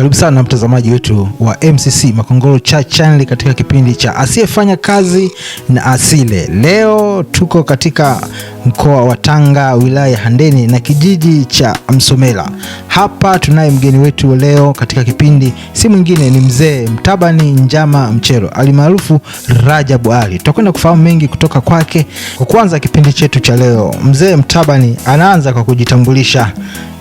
Karibu sana mtazamaji wetu wa MCC Makongoro Church Channel katika kipindi cha asiyefanya kazi na asile. Leo tuko katika mkoa wa Tanga, wilaya ya Handeni na kijiji cha Msomela. Hapa tunaye mgeni wetu leo katika kipindi, si mwingine ni mzee Mtabani Njama Mchero alimaarufu Rajabu Ali. Tutakwenda kufahamu mengi kutoka kwake. Kwa kuanza kipindi chetu cha leo, mzee Mtabani anaanza kwa kujitambulisha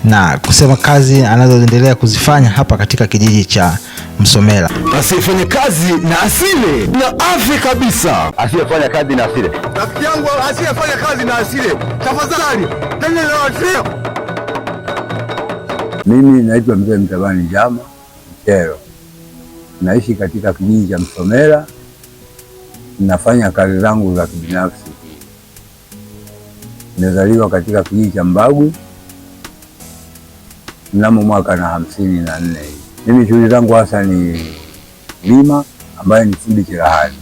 na kusema kazi anazoendelea kuzifanya hapa katika kijiji cha Msomela. Asiyefanya kazi na asile na afi kabisa. Asiyefanya kazi na asile. Rafiki yangu asiyefanya kazi na asile. Tafadhali. Mimi naitwa Mzee Mtabani Njama Mtero, naishi katika kijiji cha Msomela, nafanya kazi zangu za kibinafsi. Nimezaliwa katika kijiji cha Mbagwi mnamo mwaka na hamsini na nne. Mimi shughuli zangu hasa ni lima ambayo ni fundi cherehani,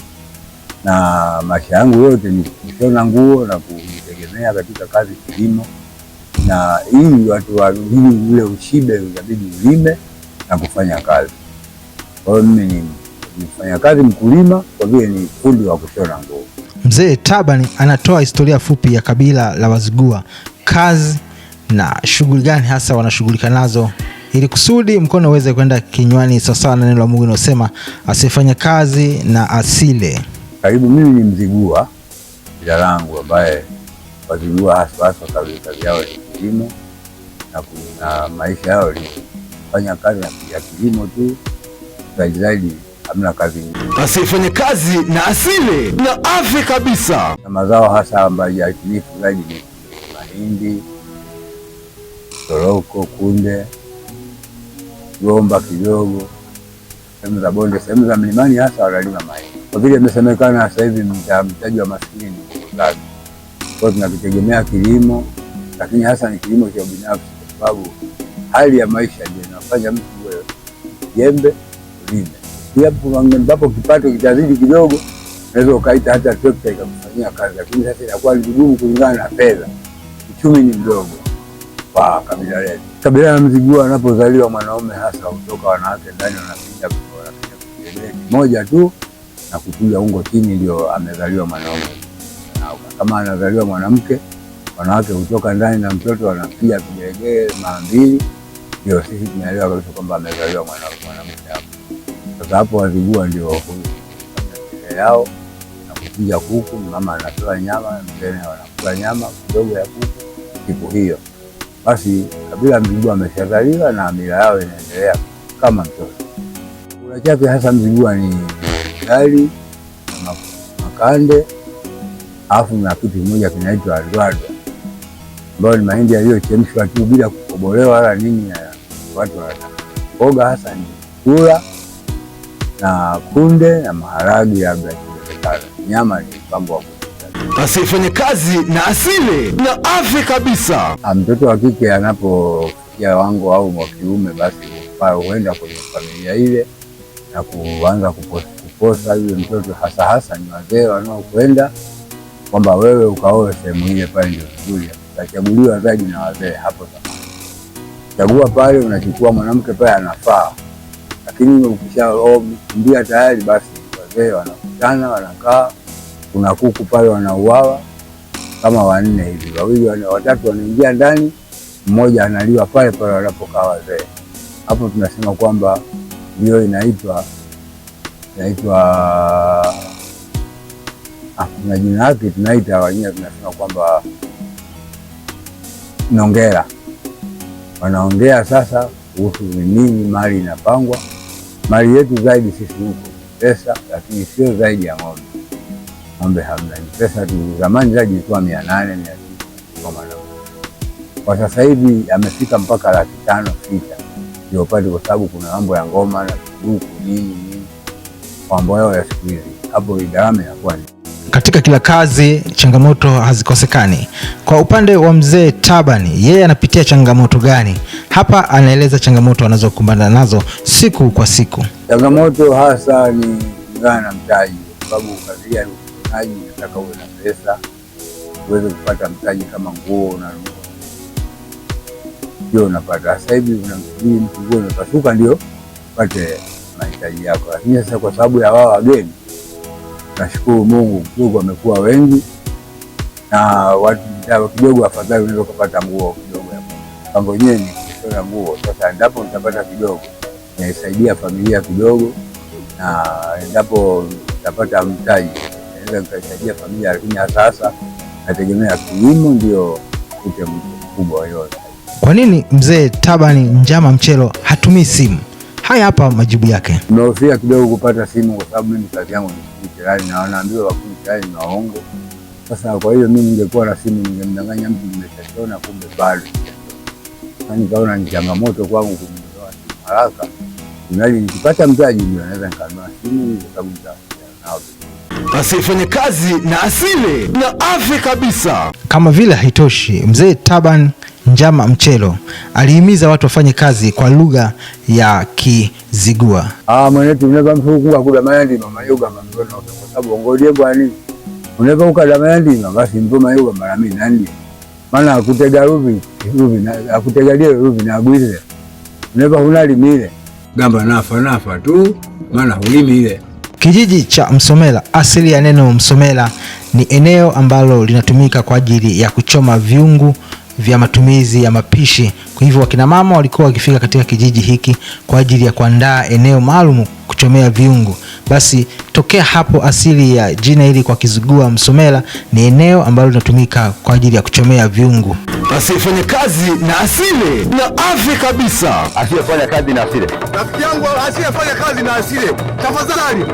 na maisha yangu yote ni kushona nguo na kujitegemea katika kazi kilimo, na hili watu wa ule ushibe unabidi ulime na kufanya kazi. Kwa hiyo mimi ni kazi mkulima, kwa vile ni fundi wa kushona nguo. Mzee Tabani anatoa historia fupi ya kabila la Wazigua, kazi na shughuli gani hasa wanashughulika nazo ili kusudi mkono uweze kwenda kinywani sawasawa na neno la Mungu linalosema asifanye kazi na asile. Karibu mimi ni Mzigua, jina langu ambaye Wazigua hasa hasa kazi yao ni kilimo na kuna maisha yao ni kufanya kazi ya kilimo tu. zaidi hamna kazi nyingine. asifanye kazi na asile na afya kabisa, na mazao hasa ambayo yatumika zaidi ni mahindi soroko, kunde, gomba kidogo, sehemu za bonde, sehemu za mlimani hasa wanalima mahindi. Kwa vile imesemekana sasa hivi mtaji wa maskini bado, kwa tunakitegemea kilimo, lakini hasa ni kilimo cha binafsi, kwa sababu hali ya maisha ndio inafanya mtu wewe jembe ulime. Pia ambapo kipato kitazidi kidogo, unaweza ukaita hata trekta ikamfanyia kazi, lakini sasa inakuwa ni vigumu kulingana na fedha, uchumi ni mdogo kwa kabila letu. Kabila la Mzigua anapozaliwa mwanaume hasa hutoka wanawake ndani wanapiga kigelegele moja tu na kupiga ungo chini, ndio amezaliwa mwanaume. Kama anazaliwa mwanamke, wanawake hutoka ndani na mtoto wanapiga kigelegele mara mbili, ndio sisi tunaelewa kabisa kwamba amezaliwa mwanamke hapo. Sasa hapo Wazigua ndio yao na kupiga kuku, mama anapewa nyama, mbele, wanakula nyama kidogo ya kuku siku hiyo. Basi Kabila Mzigua ameshazaliwa na mila yao inaendelea kama mtoto. Chakula chake hasa Mzigua ni ugali, makande, alafu na kitu kimoja kinaitwa alwadwa, ambayo ni mahindi yaliyochemshwa tu bila kukobolewa wala nini. Watu wanaoga hasa ni kula na kunde na maharagi, labda nyama ni mpango wa asifanye kazi na asile na afya kabisa. Ah, mtoto wa kike anapofikia wangu au wa kiume, basi huenda kwenye familia ile na kuanza kuposa yule mtoto, hasa hasa ni wazee wanaokwenda kwamba wewe ukaoe sehemu ile pale, ndio vizuri utachaguliwa zaidi na wazee. Hapo chagua pale, unachukua mwanamke pale anafaa, lakini ukishakimbia tayari, basi wazee wanakutana, wanakaa kuna kuku pale wanauawa kama wanne hivi, wawili watatu wanaingia ndani, mmoja analiwa pale pale wanapokaa wazee. Hapo tunasema kwamba hiyo inaitwa inaitwa ah, kuna jina lake, tunaita wenyewe, tunasema kwamba nongera. Wanaongea sasa kuhusu ni nini mali inapangwa. Mali yetu zaidi sisi huko pesa, lakini sio zaidi ya ng'ombe ng'ombe hamna. Ni pesa tu, zamani zaidi ilikuwa mia nane mia tisa kwa sasa hivi amefika mpaka laki tano sita ndio upate, kwa sababu kuna mambo ya ngoma na kiduku nini nini, yao ya siku hizi hapo gharama inakuwa ni katika kila kazi changamoto hazikosekani. Kwa upande wa mzee Tabani, yeye anapitia changamoto gani? Hapa anaeleza changamoto anazokumbana nazo siku kwa siku. Changamoto hasa ni kulingana na mtaji, kwa sababu kazi mtaji, nataka uwe na pesa uweze kupata mtaji kama nguo unanunua ndio unapata. Sasa hivi unamsubiri mtu nguo imepasuka ndio pate mahitaji yako, lakini sasa kwa sababu ya wao wageni, nashukuru Mungu kidogo wamekuwa wengi na watu kidogo, afadhali unaweza kupata nguo kidogo. Pango yenyewe ni kushona nguo. Sasa endapo nitapata kidogo, naisaidia familia kidogo, na endapo nitapata mtaji naweza nikaisaidia familia, lakini sasa nategemea kilimo ndio ute mkubwa hiyo. Kwa nini mzee Tabani Njama Mchelo hatumii simu? Haya hapa majibu yake. Nimehofia kidogo kupata simu kwa sababu mimi kazi yangu ni kirali na wanaambiwa wakuu kirali ni waongo. Sasa kwa hiyo mimi ningekuwa na simu ningemdanganya mtu nimeshashona, kumbe bado. Yaani nikaona ni changamoto kwangu kununua simu haraka, ili nikipata mtaji ndio naweza nikanunua simu kwa sababu asifanye kazi na asile na afya kabisa. Kama vile haitoshi, mzee Taban Njama Mchelo alihimiza watu wafanye kazi kwa lugha ya Kizigua. Ah, mwenetu unaweza mfukuka kula mayandi mama yoga mambo kwa sababu ongolie bwani. Unaweza ukala mayandi basi mtu mama yoga mara mimi nani. Maana akutega rubi, rubi na akutega leo na agwize. Unaweza unalimile. Gamba nafa nafa tu maana hulimi ile. Kijiji cha Msomela, asili ya neno Msomela ni eneo ambalo linatumika kwa ajili ya kuchoma viungu vya matumizi ya mapishi. Kwa hivyo wakina mama walikuwa wakifika katika kijiji hiki kwa ajili ya kuandaa eneo maalum kuchomea viungo. Basi tokea hapo asili ya jina hili kwa Kizugua, Msomela ni eneo ambalo linatumika kwa ajili ya kuchomea viungo asiyefanya kazi na asile na afya kabisa. Asiyefanya kazi na asile, rafiki yangu, asiyefanya kazi na asile, tafadhali.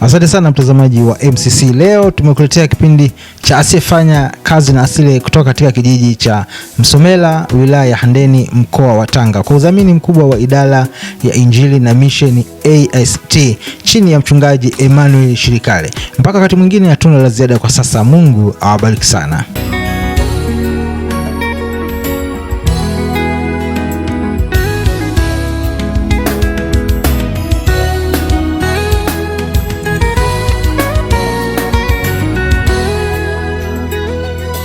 Asante sana mtazamaji wa MCC. Leo tumekuletea kipindi cha asiyefanya kazi na asili kutoka katika kijiji cha Msomela, wilaya ya Handeni, mkoa wa Tanga, kwa udhamini mkubwa wa idara ya Injili na misheni ast chini ya Mchungaji Emmanuel Shirikale. Mpaka wakati mwingine, hatuna la ziada kwa sasa. Mungu awabariki sana.